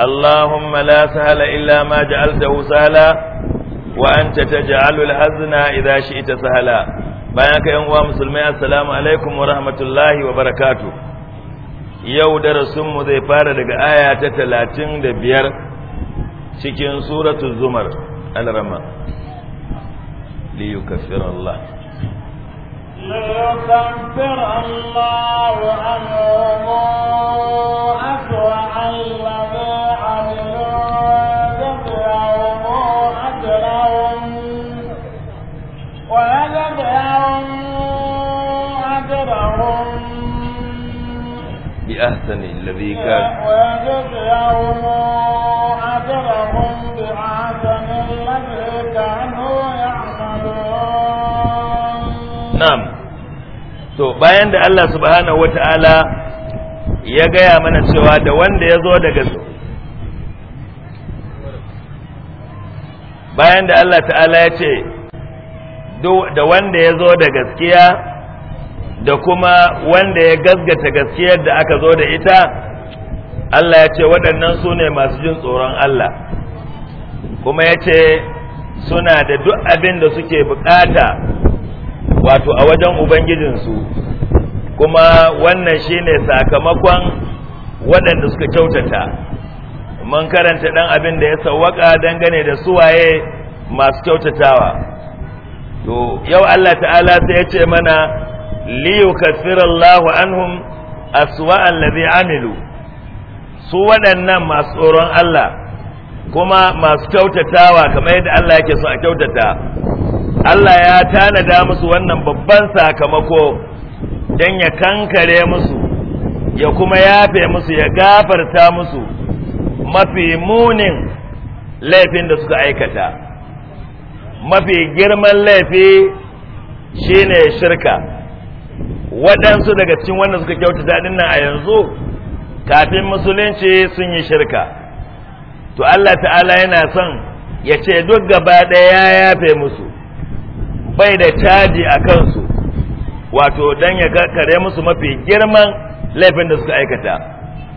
اللهم لا سهل إلا ما جعلته سهلا وأنت تجعل الحزن إذا شئت سهلا بياك يا مسلمي السلام عليكم ورحمة الله وبركاته yau darasinmu zai fara daga aya ta talatin da biyar cikin suratu zumar al الذي كان ويجزيهم أجرهم نعم to bayan da Allah subhanahu wataala ya gaya mana cewa da wanda ya zo daga bayan da Allah ta'ala ya ce da wanda ya zo da gaskiya da kuma wanda ya gasgata gaskiyar da aka zo da ita Allah ya ce waɗannan su ne masu jin tsoron Allah kuma ya ce suna da duk abin da suke bukata wato a wajen Ubangijinsu kuma wannan shi ne sakamakon waɗanda suka kyautata mun karanta ɗan abin da ya sauwaƙa dangane da suwaye masu kyautatawa to yau Allah ta'ala sai ya ce mana liyukaffira Allahu anhum aswa allazi amilu su waɗannan masu tsoron Allah kuma masu kyautatawa kamar yadda Allah yake so a kyautata Allah ya tanada musu wannan babban sakamako don ya kankare musu ya kuma yafe musu ya gafarta musu mafi munin laifin da suka aikata mafi girman laifi shine shirka waɗansu daga cikin wanda suka kyauta daɗin nan a yanzu kafin musulunci sun yi shirka to Allah ta'ala yana son ya ce duk gaba ɗaya ya yafe musu bai da caji a kansu wato don ya kare musu mafi girman laifin da suka aikata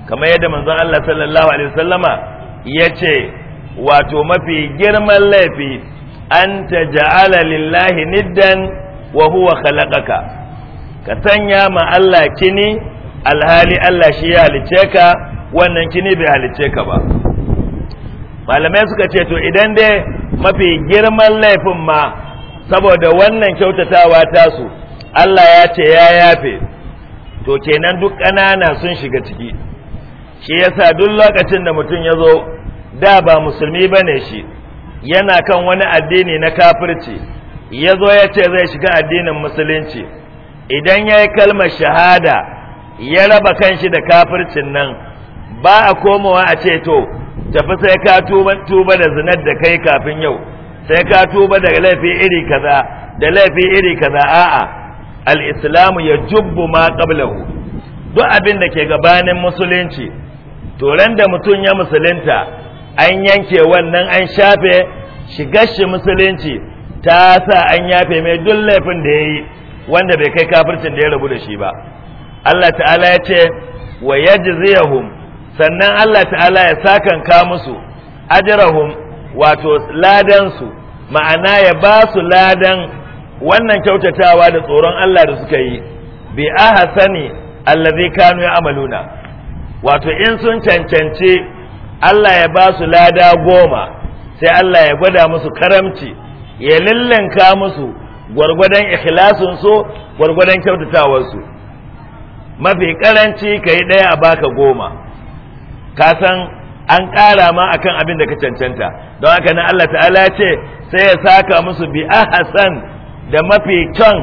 kamar yadda manzon Allah sallallahu alaihi wasallama ya ce wato mafi girman laifi an ta ja'ala lillahi niddan wa huwa khalaqaka ka sanya ma Allah kini alhali Allah shi ya halice ka wannan kini bai halice ka ba malamai suka ce to idan dai mafi girman laifin ma saboda wannan kyautatawa tasu Allah ya ce ya yafe to kenan duk ƙanana sun shiga ciki shi yasa duk lokacin da mutum ya zo da ba musulmi bane shi yana kan wani addini na kafirci ya zo ya ce zai shiga addinin musulunci idan ya yi kalmar shahada ya raba kanshi da kafircin nan ba a komawa a ce to tafi sai ka tuba da zinar da kai kafin yau sai ka tuba da laifi iri kaza da laifi iri kaza a'a al islam ya jubbu ma qablahu duk abin da ke gabanin musulunci to da mutum ya musulunta an yanke wannan an shafe shigar shi musulunci ta sa an yafe mai duk laifin da yayi wanda bai kai kafircin da ya rabu da shi ba Allah ta'ala ya ce wa yajziyahum sannan Allah ta'ala ya ka musu ajrahum wato ladan su ma'ana ya ba su ladan wannan kyautatawa da tsoron Allah da suka yi bi ahsani allazi kanu ya'maluna wato in sun cancanci Allah ya ba su lada goma sai Allah ya gwada musu karamci ya lillinka musu gwargwadon ikhlasun so gwargwadon kyautatawar su mafi karanci yi ɗaya a baka goma kasan an ƙara ma akan abin da ka cancanta don haka na Allah ta'ala ce sai ya saka musu bi ahasan da mafi kyan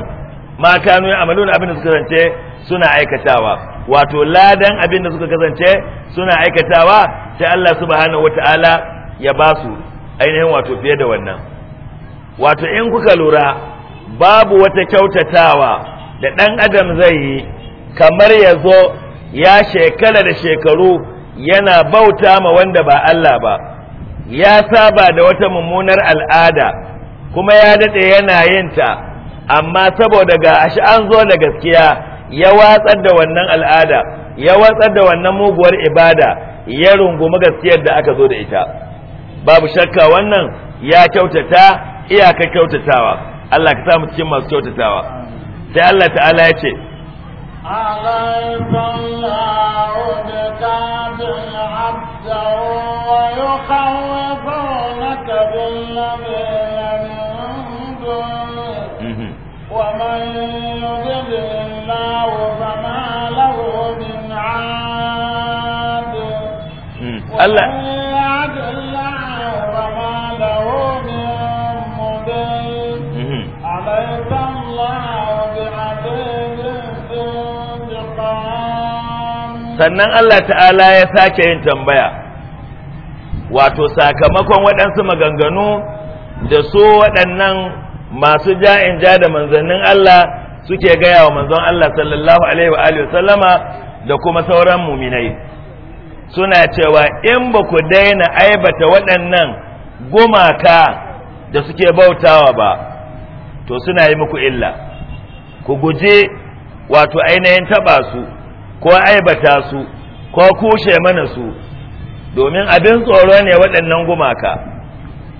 mata nuyi amaluna abin da suka kasance suna aikatawa wato ladan abin da suka kasance suna aikatawa sai Allah subhanahu wata'ala ya ba su ainihin wato fiye da wannan wato in kuka lura babu wata kyautatawa da ɗan adam zai yi kamar ya zo ya shekara da shekaru yana bauta ma wanda ba Allah ba ya saba da wata mummunar al'ada kuma ya daɗe yana yinta amma saboda ga ashi an zo da gaskiya ya watsar da wannan al'ada ya watsar da wannan muguwar ibada ya rungumi gaskiyar da aka zo da ita babu shakka wannan ya kyautata iyaka kyautatawa Allah ka sa mu cikin masu kyautatawa sai Allah ta'ala ya ce أليس الله بقادر عبده ويخوفونك بالذين من دونه ومن يضل الله فما له من عاد sannan Allah ta'ala ya sake yin tambaya wato sakamakon waɗansu maganganu da su waɗannan masu ja'in ja da manzannin Allah suke gaya wa manzon Allah sallallahu alaihi wa alihi sallama da kuma sauran muminai suna cewa in ba ku daina aibata waɗannan gumaka da suke bautawa ba to suna yi muku illa ku guje wato ainihin taɓa su ko aibata su ko kushe mana su domin abin tsoro ne waɗannan gumaka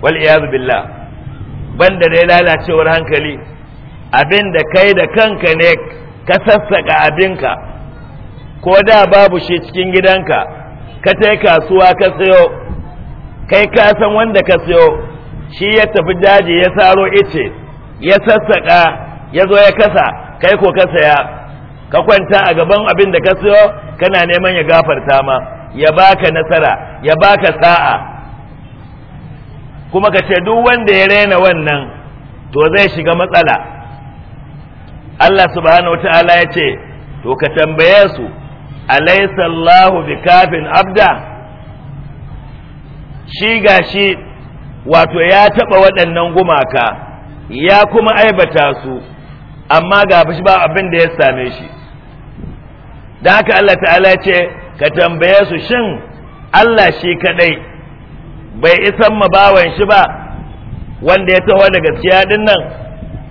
wal iyazu billah banda dai lalacewar hankali abin da kai da kanka ne ka sassaka abinka ko da babu shi cikin gidanka ka tai kasuwa ka sayo kai ka san wanda ka sayo shi ya tafi daji ya saro ice ya sassaka ya zo ya kasa kai ko ka saya ka kwanta a gaban abin da ka siyo kana neman ya gafarta ma ya baka nasara ya baka sa'a kuma ka ce duk wanda ya rena wannan to zai shiga matsala Allah subhanahu wata'ala ya ce to ka tambaye su alaysa Allahu bikafin abda shi gashi wato ya taba waɗannan gumaka ya kuma aibata su amma ga ba abin da ya same shi da haka Allah ta'ala ce ka tambaye su shin Allah shi kadai bai isan ma bawan shi ba wanda ya taho da gaskiya din nan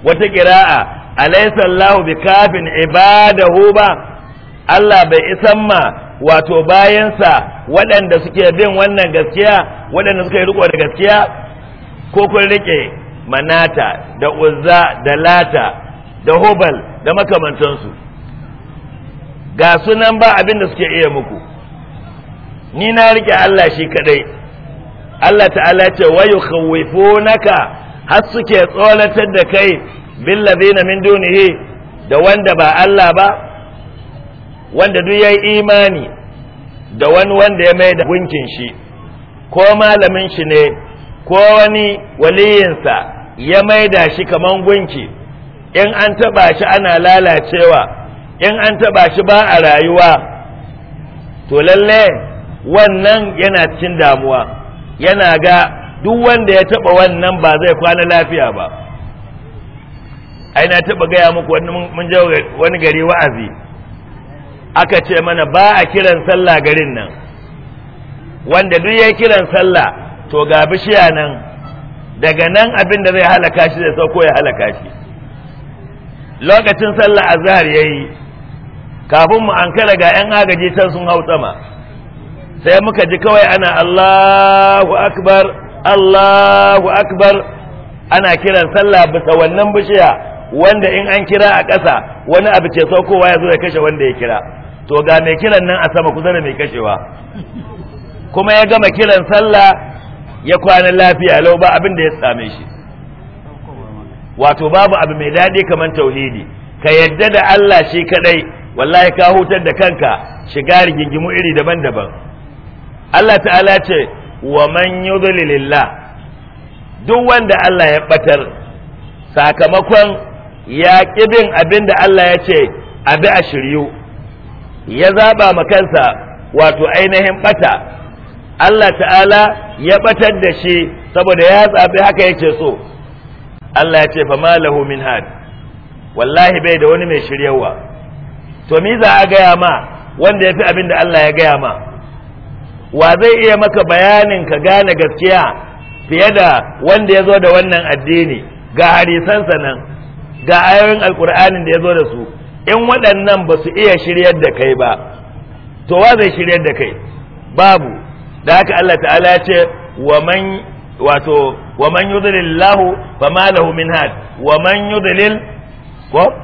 wata kira'a alaysa Allahu bikafin ibadahu ba Allah bai isan ma wato bayansa waɗanda suke bin wannan gaskiya waɗanda suka riko da gaskiya ko kun rike manata da uzza da lata da hubal da makamantansu ga sunan ba abin da suke iya muku ni na rike Allah shi kadai Allah ta'ala ce wa naka har suke tsoratar da kai billazina min dunihi da wanda ba Allah ba wanda duk yayi imani da wani wanda ya mai da gunkin shi ko malamin shi ne ko wani waliyinsa ya maida shi kaman gunki in an taba shi ana lalacewa in an taɓa shi ba a rayuwa to lalle wannan yana cin damuwa yana ga duk wanda ya taba wannan ba zai kwana lafiya ba ai na taɓa gaya muku mun je wani gari wa'azi aka ce mana ba a kiran sallah garin nan wanda duk ya kiran sallah to ga bishiya nan daga nan abin da zai halaka shi zai sauko ya halaka shi lokacin sallah azhar yayi kafin mu an kara ga 'yan agaji can sun hau sama sai muka ji kawai ana Allahu akbar Allahu akbar ana kiran sallah bisa wannan bishiya wanda in an kira a ƙasa wani abu ke saukowa ya zo ya kashe wanda ya kira to ga mai kiran nan a sama kusa da mai kashewa kuma ya gama kiran sallah ya kwana lafiya lau ba abin da ya same shi wato babu abu mai daɗi kamar tauhidi ka yadda da Allah shi kadai wallahi ka hutar da kanka shiga rigingimu iri daban-daban Allah ta'ala ce wa man yudlilillah duk wanda Allah ya batar sakamakon ya kibin abinda Allah ya ce abi a shiryu ya zaba ma kansa wato ainihin bata Allah ta'ala ya batar da shi saboda ya zabi haka yake so Allah ya ce fa malahu min had wallahi bai da wani mai shiryawa to mi za a gaya ma wanda ya fi abin da Allah ya gaya ma wa zai iya maka bayanin ka gane gaskiya fiye da wanda ya zo da wannan addini ga harisan nan ga ayoyin alkur'anin da ya zo da su in waɗannan ba su iya shiryar da kai ba to wa zai shiryar da kai babu da haka Allah ta'ala ya ce wa man wato wa man yudlil lahu fama lahu min had wa man yudlil ko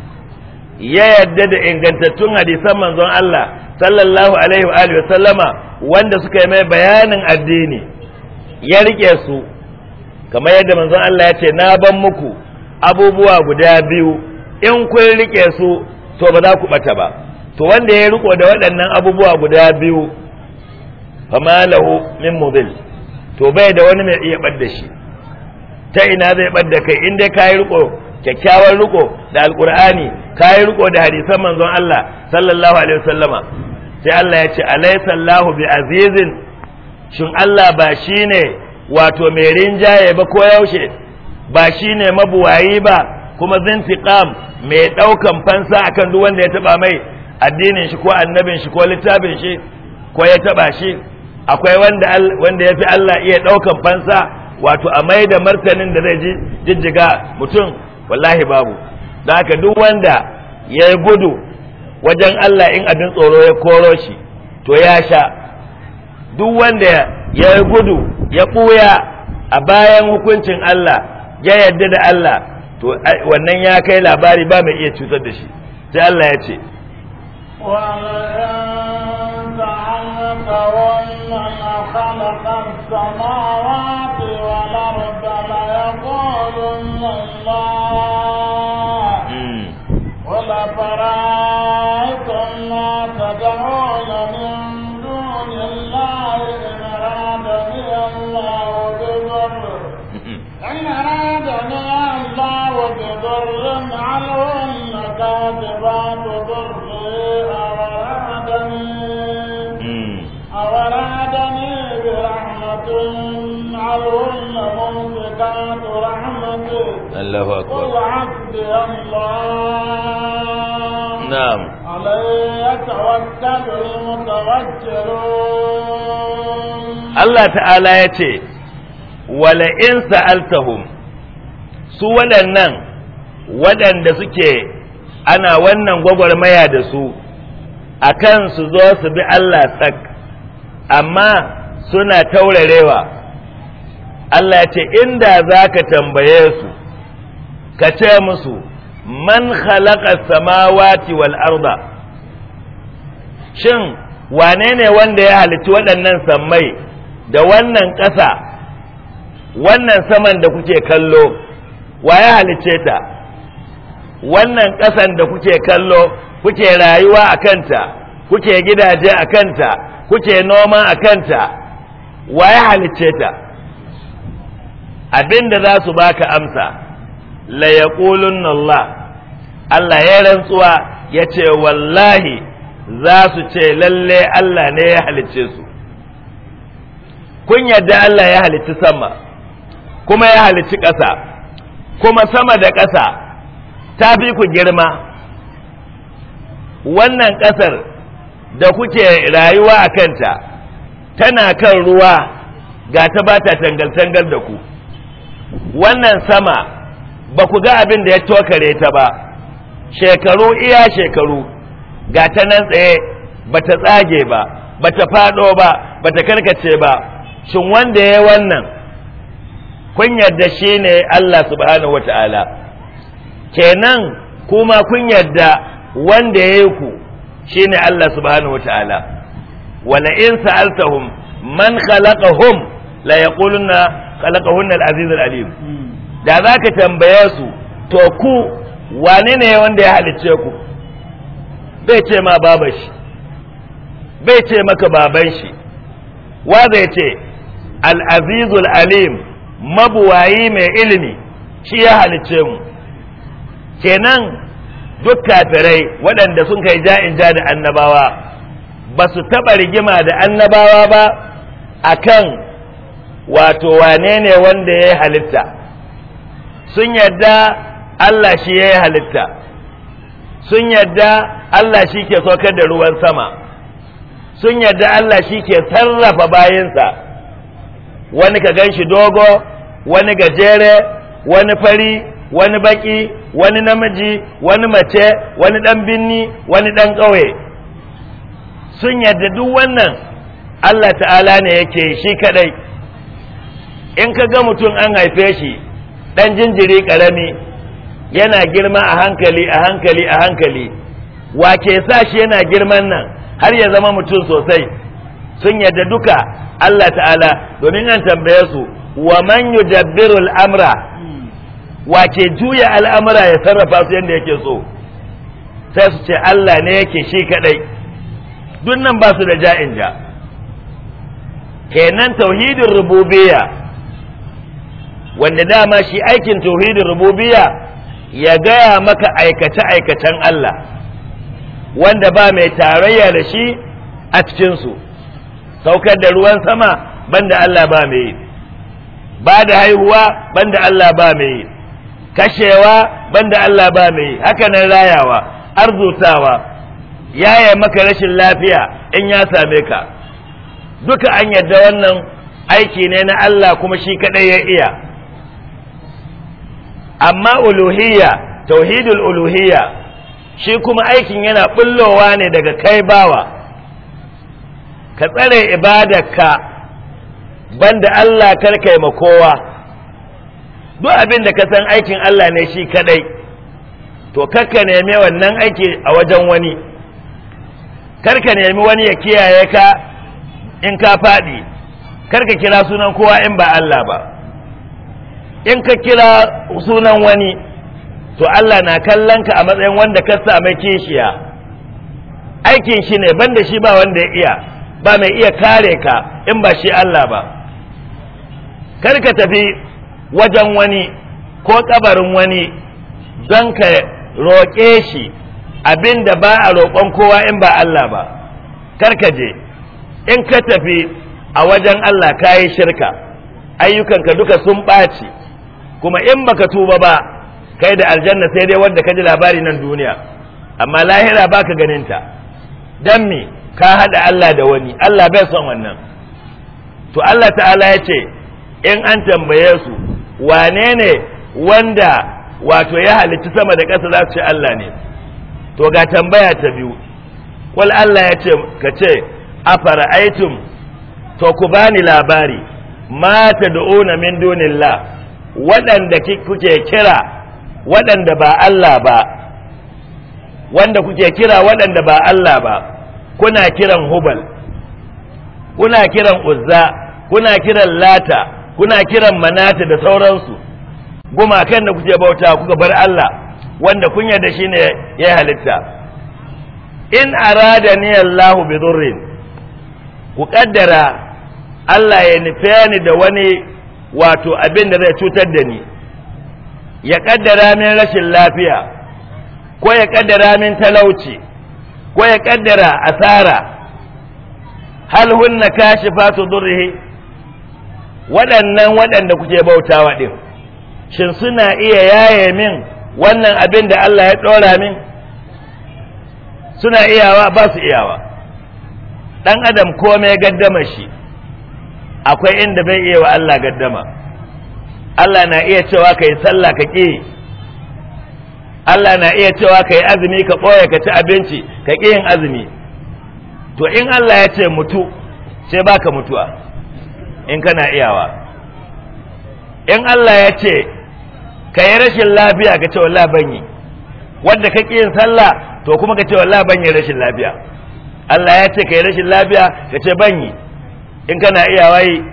ya yarda da ingantattun hadisan manzon Allah sallallahu alaihi wa alihi sallama wanda suka yi mai bayanin addini ya rike su kamar yadda manzon Allah ya ce na ban muku abubuwa guda biyu in kun rike su to ba za ku bata ba to wanda ya riko da waɗannan abubuwa guda biyu fama lahu min mudil to bai da wani mai iya bar da shi ta ina zai bar da kai in dai ka yi riko kyakkyawan riko da alkur'ani kayi riko da hadisan manzon Allah sallallahu alaihi wasallama sai Allah ya ce alaysa Allah bi azizin shin Allah ba shine wato mai rinjaye ba ko yaushe ba shine mabuwayi ba kuma zintiqam mai daukan fansa akan duk wanda ya taba mai addinin shi ko annabin shi ko littafin shi ko ya taba shi akwai wanda wanda yafi Allah iya daukan fansa wato a mai da martanin da zai ji jijjiga mutum wallahi babu da aka duk wanda ya yi gudu wajen Allah in abin tsoro ya koro shi to ya sha duk wanda ya yi gudu ya ɓuya a bayan hukuncin Allah ya yadda da Allah to wannan ya kai labari ba mai iya cutar da shi sai Allah ya ce خلق السماوات والأرض ليقولن الله قل الله ta'ala ya ce, الله نعم الله تعالى يتي su waɗannan waɗanda suke ana wannan gwagwarmaya da su akan su zo su bi Allah sak amma suna taurarewa Allah ce inda za ka tambaye su ka ce musu man khalaqa samawati wal arda shin wane ne wanda ya halitta waɗannan sammai da wannan ƙasa wannan saman da kuke kallo wa ya halicce ta wannan ƙasan da kuke kallo kuke rayuwa a kanta kuke gidaje a kanta kuke noma a kanta wa ya halicce ta abin za su baka amsa la yaqulunna Allah Allah ya rantsuwa ya ce wallahi za su ce lalle Allah ne ya halicce su kun yadda Allah ya halicci sama kuma ya halicci ƙasa kuma sama da ƙasa ta fi ku girma wannan ƙasar da kuke rayuwa a kanta tana kan ruwa ga ta ba ta tangal-tangal da ku wannan sama ba ku ga abin da ya tokare ta ba shekaru iya shekaru ga ta nan tsaye ba ta tsage ba ba ta faɗo ba ba ta karkace ba shin wanda ya wannan kunyar da shi ne Allah subhanahu wata'ala kenan kuma kunyar da wanda ya yi ku shi ne Allah subhanahu wata'ala wala in sa'altahum man khalaqahum la yaquluna khalaqahunna al-aziz al-alim da za ka tambaye su to ku wane ne wanda ya halicce ku bai ce ma baban shi bai ce maka baban shi wa zai ce al'azizul alim mabuwayi mai ilimi shi ya halicce mu kenan duk kafirai waɗanda sun kai ja'in ja da annabawa ba su taɓa rigima da annabawa ba akan wato wane ne wanda ya halitta sun yadda Allah shi ya yi halitta sun yadda Allah shi ke saukar da ruwan sama sun yadda Allah shi ke sarrafa bayansa wani ka gan shi dogo wani gajere wani fari wani baki wani namiji wani mace wani dan binni wani dan ƙauye sun yadda duk wannan Allah ta'ala ne yake shi kadai in ka ga mutum an haife shi ɗan jinjiri karami yana girma a hankali a hankali a hankali wa ke sa shi yana girman nan har ya zama mutum sosai sun yadda duka Allah ta'ala domin an tambaye su wa man yudabbiru al'amra wa ke juya al'amura ya sarrafa su yadda yake so sai su ce Allah ne yake shi kadai duk nan ba su da ja'in ja kenan tauhidin rububiyya wanda dama shi aikin tauhidin rububiyya ya gaya maka aikace-aikacen Allah wanda ba mai tarayya da shi a cikinsu saukar da ruwan sama banda Allah ba mai yi ba da haihuwa banda Allah ba mai yi kashewa banda Allah ba mai yi hakanan rayawa arzutawa yaya maka rashin lafiya in ya same ka duka an yadda wannan aiki ne na Allah kuma shi kaɗai ya iya amma uluhiyya tauhidul uluhiyya shi kuma aikin yana bullowa ne daga kai bawa ka tsare ibadarka banda Allah karkai ma kowa duk abin da ka san aikin Allah ne shi kadai to karka nemi wannan aiki a wajen wani karka nemi wani ya kiyaye ka in ka faɗi karka kira sunan kowa in ba Allah ba in ka kira sunan wani to Allah na kallon ka a matsayin wanda ka same kishiya aikin shi ne banda shi ba wanda ya iya ba mai iya kare ka in ba shi Allah ba kar ka tafi wajen wani ko kabarin wani don ka roƙe shi abinda ba a roƙon kowa in ba Allah ba kar ka je in ka tafi a wajen Allah ka yi shirka ayyukanka duka sun ɓaci kuma in baka tuba ba kai da aljanna sai dai wanda ka ji labari nan duniya amma lahira baka ganin ta dan me ka hada Allah da wani Allah bai son wannan to Allah ta'ala ya ce in an tambaye su wane ne wanda wato ya halitta sama da ƙasa za su ce Allah ne to ga tambaya ta biyu wal Allah ya ce ka ce afara'aitum to ku bani labari ma ta da'una min dunillah waɗanda kuke kira waɗanda ba Allah ba wanda kuke kira waɗanda ba Allah ba kuna kiran hubal kuna kiran uzza kuna kiran lata kuna kiran manata da sauransu gumakan da kuke bauta kuka bar Allah wanda kun yarda shi ne ya halitta in arada ni Allah bi ku kaddara Allah ya nufe ni da wani wato abin da zai cutar da ni ya kaddara min rashin lafiya ko ya kaddara min talauci ko ya kaddara asara hal hunna kashifatu durrihi waɗannan waɗanda kuke bautawa din shin suna iya yaye min wannan abin da Allah ya ɗora min suna iyawa ba su iyawa ɗan adam komai gaddama shi akwai inda bai iya wa Allah gaddama Allah na iya cewa ka yi sallah ka ƙi Allah na iya cewa ka yi azumi ka ɓoye ka ci abinci ka ƙi yin azumi to in Allah ya ce mutu sai baka mutuwa in kana iyawa in Allah ya ce ka yi rashin lafiya ka ce wallah ban yi wanda ka ƙi yin sallah to kuma ka ce wallah ban yi rashin lafiya Allah ya ce ka yi rashin lafiya ka ce ban yi in kana iyawa yi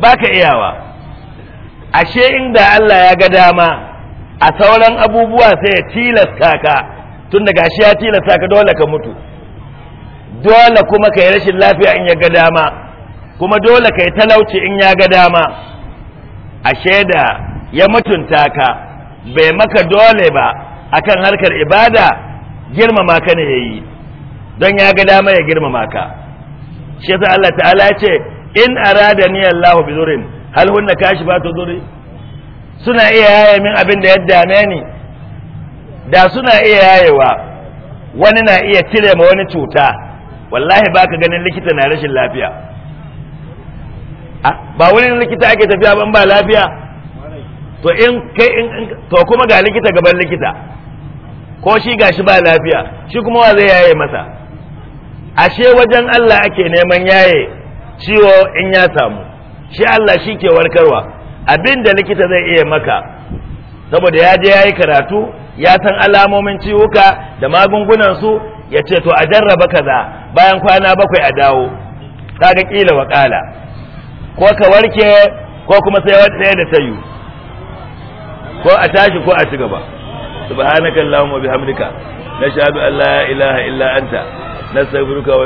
baka iyawa ashe inda Allah ya ga dama a sauran abubuwa sai ya tilasta ka tun daga shi ya tilasta ka dole ka mutu dole kuma ka rashin lafiya in ya ga dama kuma dole ka talauci in ya ga dama ashe da ya mutunta ka bai maka dole ba akan harkar ibada girmama ka ne ya yi don ya ga dama ya girmama ka shi yasa Allah ta'ala ya ce in arada ni Allahu bi zurin hal hunna kashifatu dhurri suna iya yaye min abin da ya dame ni da suna iya yayewa wani na iya cire ma wani cuta wallahi baka ganin likita na rashin lafiya ba wani likita ake tafiya ban ba lafiya to in kai in to kuma ga likita gaban likita ko shi gashi ba lafiya shi kuma wa zai yaye masa ashe wajen Allah ake neman yaye ciwo in ya samu shi Allah shi ke warkarwa abin da likita zai iya maka saboda ya je ya yi karatu ya san alamomin ciwuka da magungunansu ya ce to a jarraba kaza bayan kwana bakwai a dawo kaga kila wakala ko ka warke ko kuma sai wata da tayu ko a tashi ko a ci gaba subhanakallahumma bihamdika nashhadu an la ilaha illa anta نستغفرك